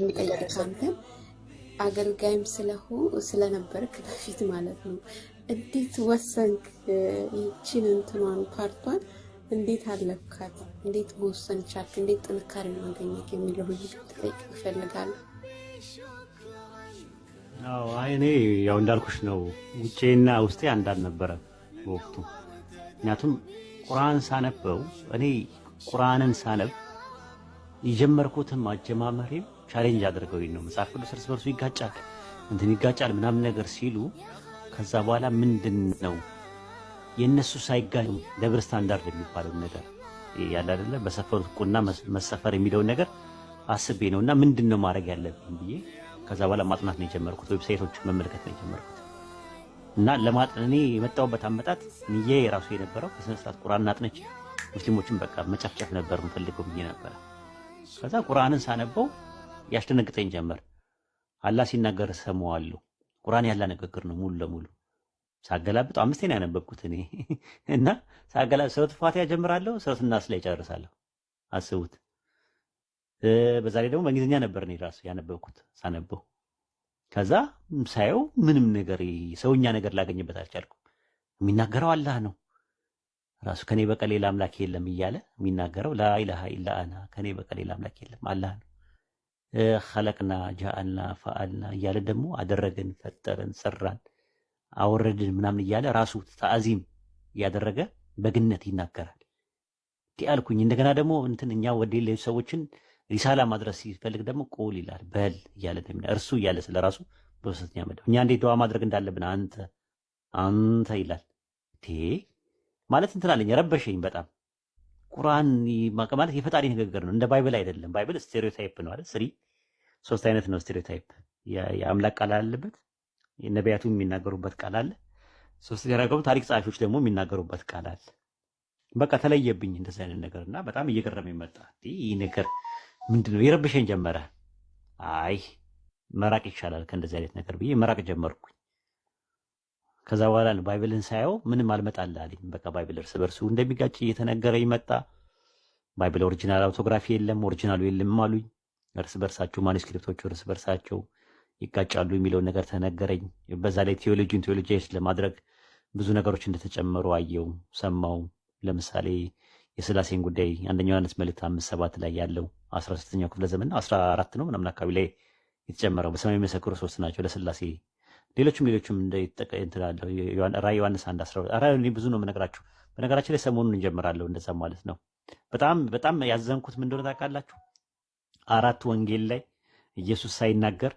የሚጠይቅ አንተ አገልጋይም ስለሆ ስለነበርክ በፊት ማለት ነው። እንዴት ወሰንክ? ይችን እንትኗን ፓርቷን እንዴት አለካት እንዴት መወሰን ቻልክ? እንዴት ጥንካሬ ማገኘት የሚለው ጠይቅ እፈልጋለሁ። እኔ ያው እንዳልኩሽ ነው፣ ውጭና ውስጤ አንድ አልነበረ በወቅቱ። ምክንያቱም ቁርአን ሳነበው እኔ ቁርአንን ሳነብ የጀመርኩትም አጀማመሬም ቻሌንጅ አድርገው ነው መጽሐፍ ቅዱስ እርስ በርሱ ይጋጫል እንትን ይጋጫል ምናምን ነገር ሲሉ ከዛ በኋላ ምንድን ነው የእነሱ ሳይጋጭ ደብረ ስታንዳርድ የሚባለው ነገር ያለ አይደለ በሰፈሩት ቁና መሰፈር የሚለውን ነገር አስቤ ነው እና ምንድን ነው ማድረግ ያለብን ብዬ ከዛ በኋላ ማጥናት ነው የጀመርኩት። ዌብሳይቶችን መመልከት ነው የጀመርኩት እና ለማጥን እኔ የመጣሁበት አመጣት ንዬ የራሱ የነበረው በስነ ስርዓት ቁርአን አጥነች ሙስሊሞችን በቃ መጨፍጨፍ ነበር ፈልገው ብዬ ነበረ። ከዛ ቁርአንን ሳነበው ያስደነግጠኝ ጀመር። አላህ ሲናገር ሰማዋለሁ። ቁርአን ያላ ንግግር ነው ሙሉ ለሙሉ ሳገላብጥ ነው ያነበብኩት እኔ እና ሳገላ ሱረት ፋቲሃ ጀምራለሁ፣ ሱረት ናስ ላይ ጨርሳለሁ። አስቡት። በዛ ላይ ደግሞ በእንግሊዝኛ ነበር እኔ ራሱ ያነበብኩት ሳነበው። ከዛ ሳየው ምንም ነገር ሰውኛ ነገር ላገኝበት አልቻልኩ። የሚናገረው አላህ ነው ራሱ ከኔ በቀር ሌላ አምላክ የለም እያለ የሚናገረው ላኢላሃ ኢላ አና ከኔ በቀር ሌላ አምላክ የለም አላህ ነው። ኸለቅና ጃአልና ፈአልና እያለ ደግሞ አደረገን፣ ፈጠረን፣ ሰራን፣ አወረድን ምናምን እያለ ራሱ ተአዚም እያደረገ በግነት ይናገራል። እንዲህ አልኩኝ። እንደገና ደግሞ እንትን እኛ ወደ ሌሎች ሰዎችን ሪሳላ ማድረስ ሲፈልግ ደግሞ ቁል ይላል፣ በል እያለ እርሱ እያለ ስለ ራሱ በሶስተኛ መደብ እኛ እንዴት ደዋ ማድረግ እንዳለብን አንተ አንተ ይላል። ማለት እንትን አለኝ ረበሸኝ በጣም ቁርአን ማለት የፈጣሪ ንግግር ነው። እንደ ባይብል አይደለም። ባይብል ስቴሪዮታይፕ ነው አይደል? ስሪ ሶስት አይነት ነው ስቴሪዮታይፕ። የአምላክ ቃል አለበት፣ ነቢያቱ የሚናገሩበት ቃል አለ፣ ሶስት ደግሞ ታሪክ ጸሐፊዎች ደግሞ የሚናገሩበት ቃል አለ። በቃ ተለየብኝ እንደዚ አይነት ነገር እና በጣም እየገረመኝ ይመጣ ይህ ነገር ምንድነው የረብሸኝ ጀመረ። አይ መራቅ ይቻላል ከእንደዚህ አይነት ነገር ብዬ መራቅ ጀመርኩኝ። ከዛ በኋላ ነው ባይብልን ሳየው ምንም አልመጣል አለኝ። በቃ ባይብል እርስ በርሱ እንደሚጋጭ እየተነገረ ይመጣ። ባይብል ኦሪጂናል አውቶግራፊ የለም ኦሪጂናሉ የለም አሉኝ። እርስ በርሳቸው ማኒስክሪፕቶቹ እርስ በርሳቸው ይጋጫሉ የሚለውን ነገር ተነገረኝ። በዛ ላይ ቴዎሎጂን ቴዎሎጂስ ለማድረግ ብዙ ነገሮች እንደተጨመሩ አየው ሰማው። ለምሳሌ የስላሴን ጉዳይ አንደኛው ዮሐንስ መልእክት አምስት ሰባት ላይ ያለው አስራ ሶስተኛው ክፍለ ዘመን አስራ አራት ነው ምናምን አካባቢ ላይ የተጨመረው በሰማይ የሚመሰክሩ ሶስት ናቸው ለስላሴ ሌሎችም ሌሎችም እንደጠቀንትላለሁ ራዕይ ዮሐንስ አንድ አስራ ራዕይ ብዙ ነው የምነግራችሁ። በነገራችን ላይ ሰሞኑን እንጀምራለሁ እንደዛ ማለት ነው። በጣም በጣም ያዘንኩት ምን እንደሆነ ታውቃላችሁ? አራት ወንጌል ላይ ኢየሱስ ሳይናገር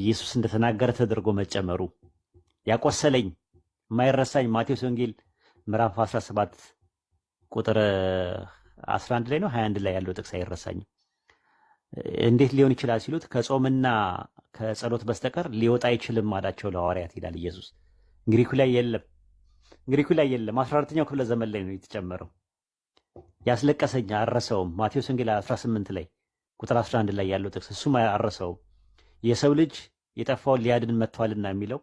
ኢየሱስ እንደተናገረ ተደርጎ መጨመሩ ያቆሰለኝ የማይረሳኝ ማቴዎስ ወንጌል ምዕራፍ 17 ቁጥር 11 ላይ ነው 21 ላይ ያለው ጥቅስ አይረሳኝም። እንዴት ሊሆን ይችላል ሲሉት ከጾምና ከጸሎት በስተቀር ሊወጣ አይችልም አላቸው ለሐዋርያት ይላል ኢየሱስ። ግሪኩ ላይ የለም፣ ግሪኩ ላይ የለም። 14ኛው ክፍለ ዘመን ላይ ነው የተጨመረው። ያስለቀሰኝ አልረሳውም። ማቴዎስ ወንጌል 18 ላይ ቁጥር 11 ላይ ያለው ጥቅስ እሱም አረሰውም። የሰው ልጅ የጠፋውን ሊያድን መጥቷልና የሚለው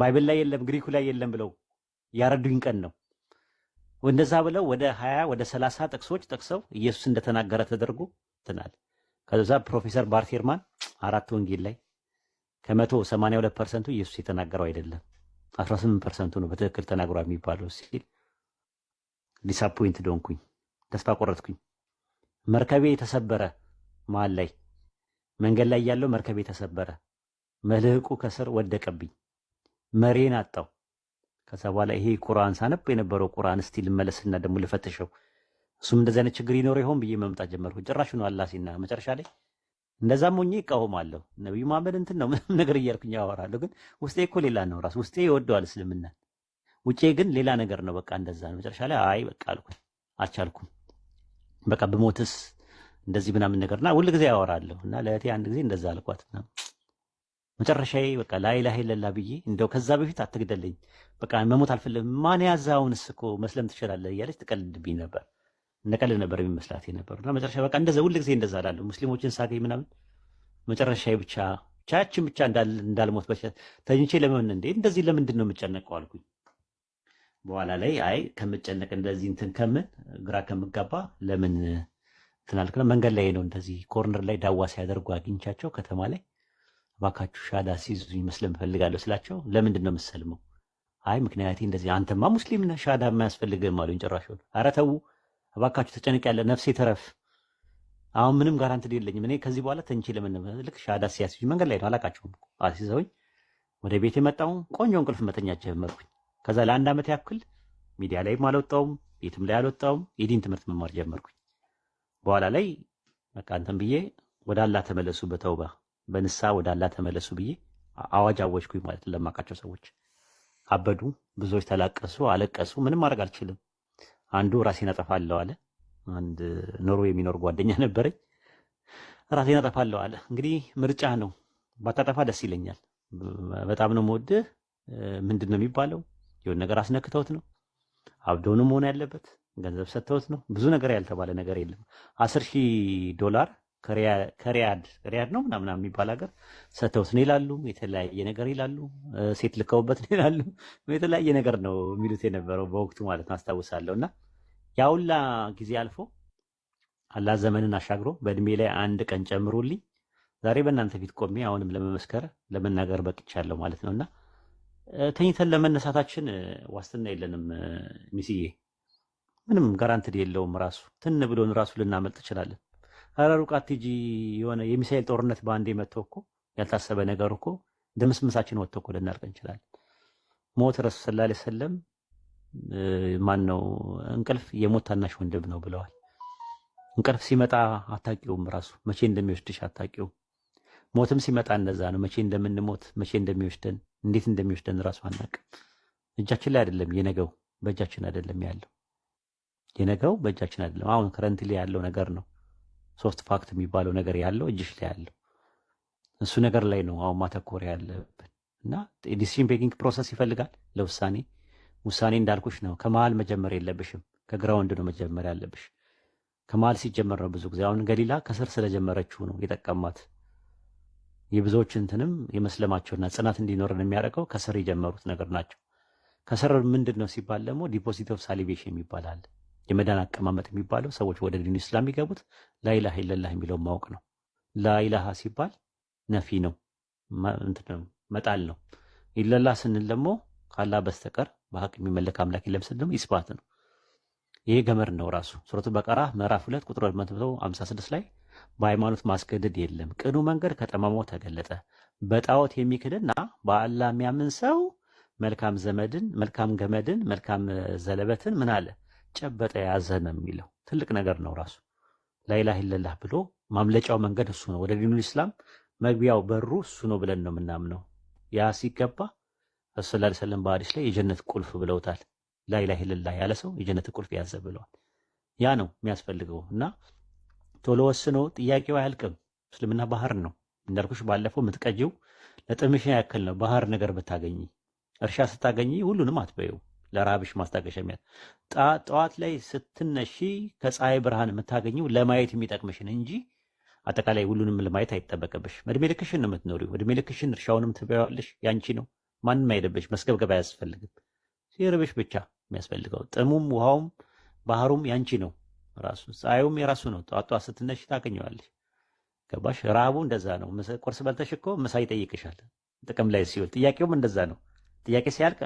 ባይብል ላይ የለም፣ ግሪኩ ላይ የለም ብለው ያረዱኝ ቀን ነው። እንደዛ ብለው ወደ 20 ወደ 30 ጥቅሶች ጠቅሰው ኢየሱስ እንደተናገረ ተደርጎ ትናል። ከዛ ፕሮፌሰር ባርቴርማን አራት ወንጌል ላይ ከመቶ 82 ፐርሰንቱ ኢየሱስ የተናገረው አይደለም 18 ፐርሰንቱ ነው በትክክል ተናግሯል የሚባለው ሲል ዲሳፖይንት ዶንኩኝ፣ ተስፋ ቆረጥኩኝ። መርከቤ የተሰበረ መሃል ላይ መንገድ ላይ ያለው መርከቤ ተሰበረ። መልህቁ ከስር ወደቀብኝ። መሬን አጣው። ከዛ በኋላ ይሄ ቁርአን ሳነብ የነበረው ቁርአን እስቲ ልመለስና ደግሞ ልፈተሸው እሱም እንደዚህ አይነት ችግር ይኖረው ይሆን ብዬ መምጣት ጀመርኩ። ጭራሽ ነው አላሲና መጨረሻ ላይ እንደዛም ሆኜ እቃወማለሁ። ነብዩ መሐመድ እንትን ነው ምንም ነገር እያልኩኝ አወራለሁ፣ ግን ውስጤ እኮ ሌላ ነው። ራሱ ውስጤ ይወደዋል እስልምና፣ ውጪ ግን ሌላ ነገር ነው። በቃ እንደዛ ነው። መጨረሻ ላይ አይ በቃ አልኩኝ፣ አልቻልኩም። በቃ ብሞትስ እንደዚህ ምናምን ነገር እና ነገርና ጊዜ ያወራለሁ እና ለእህቴ አንድ ጊዜ እንደዛ አልኳት እና መጨረሻዬ በቃ ላይላህ ለላ ብዬ እንደው ከዛ በፊት አትግደልኝ፣ በቃ መሞት አልፈልግም፣ ማን ያዘ አሁንስ እኮ መስለም ትችላለህ እያለች ትቀልድብኝ ነበር። እንደቀልድ ነበር የሚመስላት ነበር። እና መጨረሻ በቃ እንደዛ ጊዜ እንደዛ እላለሁ። ሙስሊሞችን ሳገኝ ምናምን መጨረሻዬ ብቻ ቻችን ብቻ እንዳልሞት በሸ ተኝቼ ለምን እንዴ እንደዚህ ለምንድን ነው የምጨነቀው አልኩኝ። በኋላ ላይ አይ ከምጨነቅ እንደዚህ እንትን ከምን ግራ ከምጋባ ለምን ነው። መንገድ ላይ ነው እንደዚህ ኮርነር ላይ ዳዋ ሲያደርጉ አግኝቻቸው ከተማ ላይ እባካችሁ ሻዳ ሲይዙኝ መስለም እፈልጋለሁ ስላቸው ለምንድን ነው የምትሰልመው? አይ ምክንያቴ እንደዚህ አንተማ ሙስሊም ነህ ሻዳ የማያስፈልግህም አሉኝ። ጭራሽ ኧረ ተው እባካችሁ ተጨንቅ ያለ ነፍሴ ተረፍ። አሁን ምንም ጋራንቲ የለኝም እኔ ከዚህ በኋላ ተንቼ ለምን ልክ ሻዳ ሲያስይዙኝ መንገድ ላይ ነው አላቃቸውም አስይዘውኝ ወደ ቤት የመጣው ቆንጆ እንቅልፍ መተኛት ጀመርኩኝ። ከዛ ለአንድ ዓመት ያክል ሚዲያ ላይም አልወጣውም ቤትም ላይ አልወጣውም የዲን ትምህርት መማር ጀመርኩኝ። በኋላ ላይ በቃ እንትን ብዬ ወደ አላህ ተመለሱ፣ በተውባ በንሳ ወደ አላህ ተመለሱ ብዬ አዋጅ አወጅኩኝ ማለት ለማቃቸው ሰዎች አበዱ። ብዙዎች ተላቀሱ፣ አለቀሱ። ምንም ማድረግ አልችልም። አንዱ ራሴን አጠፋለሁ አለ። አንድ ኖሮ የሚኖር ጓደኛ ነበረኝ። ራሴን አጠፋለሁ አለ። እንግዲህ ምርጫ ነው። ባታጠፋ ደስ ይለኛል። በጣም ነው የምወድህ። ምንድን ነው የሚባለው? የሆነ ነገር አስነክተውት ነው አብዶንም መሆን ያለበት ገንዘብ ሰጥተውት ነው። ብዙ ነገር ያልተባለ ነገር የለም። አስር ሺህ ዶላር ከሪያድ ሪያድ ነው ምናምና የሚባል ሀገር ሰጥተውት ነው ይላሉ። የተለያየ ነገር ይላሉ። ሴት ልከውበት ነው ይላሉ። የተለያየ ነገር ነው የሚሉት የነበረው በወቅቱ ማለት ነው አስታውሳለሁ። እና ያውላ ጊዜ አልፎ አላህ ዘመንን አሻግሮ በእድሜ ላይ አንድ ቀን ጨምሮልኝ ዛሬ በእናንተ ፊት ቆሜ አሁንም ለመመስከር ለመናገር በቅቻለሁ ማለት ነው እና ተኝተን ለመነሳታችን ዋስትና የለንም ሚስዬ ምንም ጋራንትድ የለውም። ራሱ ትን ብሎን ራሱ ልናመልጥ እንችላለን። ኧረ ሩቅ አትሂጂ። የሆነ የሚሳኤል ጦርነት በአንዴ መጥቶ እኮ ያልታሰበ ነገር እኮ ድምስምሳችን ወጥቶ እኮ ልናልቅ እንችላለን። ሞት ረሱ ስላ ሰለም ማን ነው እንቅልፍ የሞት ታናሽ ወንድም ነው ብለዋል። እንቅልፍ ሲመጣ አታቂውም ራሱ መቼ እንደሚወስድሽ አታቂውም? ሞትም ሲመጣ እነዛ ነው። መቼ እንደምንሞት መቼ እንደሚወስደን እንዴት እንደሚወስደን ራሱ አናቅ እጃችን ላይ አይደለም የነገው በእጃችን አይደለም ያለው የነገው በእጃችን አይደለም። አሁን ከረንት ላይ ያለው ነገር ነው። ሶፍት ፋክት የሚባለው ነገር ያለው እጅሽ ላይ ያለው እሱ ነገር ላይ ነው አሁን ማተኮር ያለብን እና ዲሲዥን ቤኪንግ ፕሮሰስ ይፈልጋል ለውሳኔ ውሳኔ እንዳልኩሽ ነው። ከመሀል መጀመር የለብሽም። ከግራውንድ ነው መጀመር ያለብሽ። ከመሀል ሲጀመር ነው ብዙ ጊዜ አሁን ገሊላ ከስር ስለጀመረችው ነው የጠቀማት። የብዙዎች እንትንም የመስለማቸውና ጽናት እንዲኖረን የሚያደርገው ከስር የጀመሩት ነገር ናቸው። ከስር ምንድን ነው ሲባል ደግሞ ዲፖዚት ኦፍ ሳሊቬሽን ይባላል። የመዳን አቀማመጥ የሚባለው ሰዎች ወደ ዲኑ ኢስላም የሚገቡት ላይላህ ኢለላህ የሚለውን ማወቅ ነው። ላይላሃ ሲባል ነፊ ነው፣ መጣል ነው። ይለላ ስንል ደግሞ ካላ በስተቀር በሀቅ የሚመለክ አምላክ የለም ስንል ደግሞ ኢስባት ነው። ይሄ ገመድ ነው ራሱ። ሱረቱ በቀራ ምዕራፍ ሁለት ቁጥር 156 ላይ በሃይማኖት ማስገደድ የለም ቅኑ መንገድ ከጠማማው ተገለጠ። በጣዖት የሚክድና በአላ የሚያምን ሰው መልካም ዘመድን መልካም ገመድን መልካም ዘለበትን ምን አለ ጨበጠ ያዘ ነው የሚለው። ትልቅ ነገር ነው ራሱ ላይላህ ይለላህ ብሎ ማምለጫው መንገድ እሱ ነው። ወደ ዲኑል ኢስላም መግቢያው በሩ እሱ ነው ብለን ነው የምናምነው። ያ ሲገባ ረሱል ላ ሰለም ላይ የጀነት ቁልፍ ብለውታል። ላይላህ ይለላህ ያለ ሰው የጀነት ቁልፍ ያዘ ብለዋል። ያ ነው የሚያስፈልገው እና ቶሎ ወስኖ ጥያቄው አያልቅም። እስልምና ባህር ነው እንዳልኩሽ ባለፈው የምትቀጂው ለጥምሽን ያክል ነው። ባህር ነገር ብታገኝ እርሻ ስታገኝ ሁሉንም አትበየው። ለራብሽ ማስታገሻ የሚያ ጠዋት ላይ ስትነሺ ከፀሐይ ብርሃን የምታገኘው ለማየት የሚጠቅምሽን እንጂ አጠቃላይ ሁሉንም ለማየት አይጠበቅብሽ። እድሜ ልክሽን ነው የምትኖሪ። እድሜ ልክሽን እርሻውንም ትበያለሽ፣ ያንቺ ነው። ማንም አይደብሽ፣ መስገብገብ አያስፈልግም። ሲርብሽ ብቻ የሚያስፈልገው ጥሙም፣ ውሃውም፣ ባህሩም ያንቺ ነው። ራሱ ፀሐዩም የራሱ ነው። ጠዋት ጠዋት ስትነሽ ታገኘዋለሽ። ገባሽ? ረሃቡ እንደዛ ነው። ቁርስ በልተሽ እኮ ምሳ ይጠይቅሻል። ጥቅም ላይ ሲውል ጥያቄውም እንደዛ ነው። ጥያቄ ሲያልቅ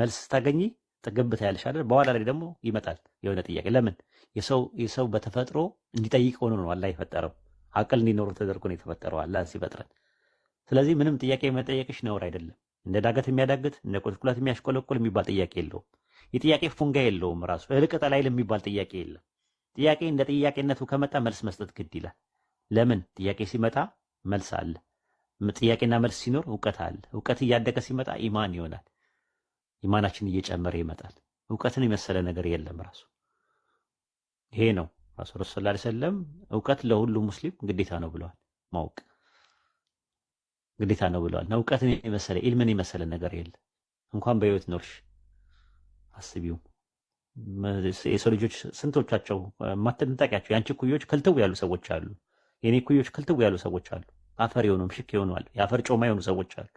መልስ ስታገኝ ጥግብ ታያለሽ አይደል? በኋላ ላይ ደግሞ ይመጣል የሆነ ጥያቄ። ለምን የሰው የሰው በተፈጥሮ እንዲጠይቅ ሆኖ ነው አላህ የፈጠረው። አቅል እንዲኖረው ተደርጎ ነው የተፈጠረው አላህ ሲፈጥረን። ስለዚህ ምንም ጥያቄ መጠየቅሽ ነውር አይደለም። እንደ ዳገት የሚያዳግት እንደ ቁልቁለት የሚያሽቆለቁል የሚባል ጥያቄ የለውም። የጥያቄ ፉንጋ የለውም። ራሱ እልቅጠ ላይ የሚባል ጥያቄ የለም። ጥያቄ እንደ ጥያቄነቱ ከመጣ መልስ መስጠት ግድ ይላል። ለምን ጥያቄ ሲመጣ መልስ አለ። ጥያቄና መልስ ሲኖር እውቀት አለ። እውቀት እያደገ ሲመጣ ኢማን ይሆናል። ኢማናችን እየጨመረ ይመጣል። እውቀትን የመሰለ ነገር የለም። ራሱ ይሄ ነው ራሱ ሰለላሁ ዐለይሂ ወሰለም እውቀት ለሁሉ ሙስሊም ግዴታ ነው ብለዋል። ማወቅ ግዴታ ነው ብለዋል። እና እውቀትን የመሰለ ኢልምን የመሰለ ነገር የለም። እንኳን በህይወት ኖርሽ አስቢው። የሰው ልጆች ስንቶቻቸው ማትንጠቂያቸው የአንቺ ኩዮች ከልተው ያሉ ሰዎች አሉ። የኔ ኩዮች ከልተው ያሉ ሰዎች አሉ። አፈር የሆኑ ምሽክ የሆኑ አሉ። የአፈር ጮማ የሆኑ ሰዎች አሉ።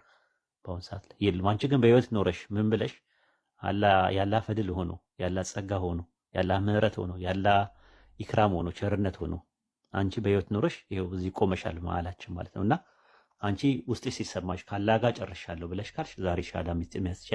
በአሁን ሰዓት ላይ የለም። አንቺ ግን በህይወት ኖረሽ ምን ብለሽ ያላ ፈድል ሆኖ ያላ ጸጋ ሆኖ ያላ ምረት ሆኖ ያላ ኢክራም ሆኖ ቸርነት ሆኖ አንቺ በህይወት ኖረሽ ይኸው እዚህ ቆመሻል መሀላችን ማለት ነው እና አንቺ ውስጥ ሲሰማሽ ካላጋ ጨርሻለሁ ብለሽ ካልሽ ዛሬ ሻዳ ሚስት